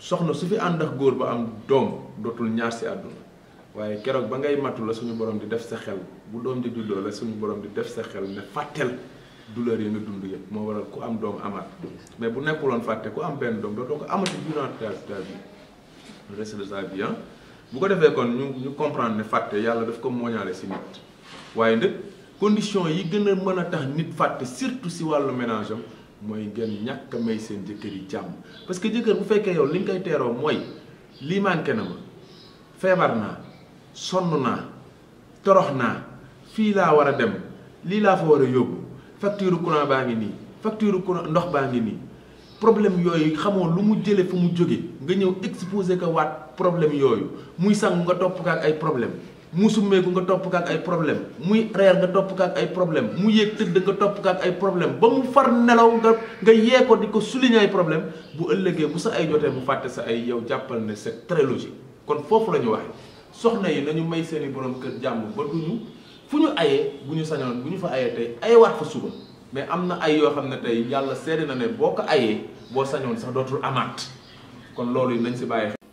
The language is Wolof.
soxna su fi ànd ak góor ba am doom dootul ñaar si àdduna waaye keroog ba ngay matul la suñu borom di def sa xel bu doom di juddoo la suñu borom di def sa xel ne fàtteel douleur yi nga dund yëpp moo waral ku am doom amat mais bu nekkuloon fàtte ku am benn doom dootoo ko amati durant ta ta vie le reste de sa vie bu ko defee kon ñu ñu comprendre ne fàtte yàlla daf ko mooñaale si nit waaye nag condition yi gën a mën a tax nit fàtte surtout si wàllu ménage moy ngeen ñak may seen jëkkeer yi jamm parce que jëkkeer bu fekkee yow li nga koy teeroo mooy lii manqué na ma feebar torox na fi la wara dem li la fa wara yobbu facture courant baa ngi nii facture courant ndox baangi ni problème yoy xamoo lu mu jëlé fu mu joggé nga ñëw exposer ka waat problème yoy muy sang nga top ka ay problème mu summeeku nga topp kaak ay problème muy reer nga topp kaak ay problème mu yéeg tëdd nga topp kaak ay problème ba mu far nelaw nga nga yee ko di ko souligner ay problème bu ëllëgee bu sa ay jotee bu fàtte sa ay yow jàppal ne set très kon foofu la ñu waxee soxna yi nañu may seeni borom kër jàmm ba duñu fu ñu ayee bu ñu sañoon bu ñu fa ayee tey ayewaat fa suba mais am na ay yoo xam ne tey yàlla seede na ne boo ko ayee boo sañoon sax dootul amaat kon loolu yi nañ si bàyyi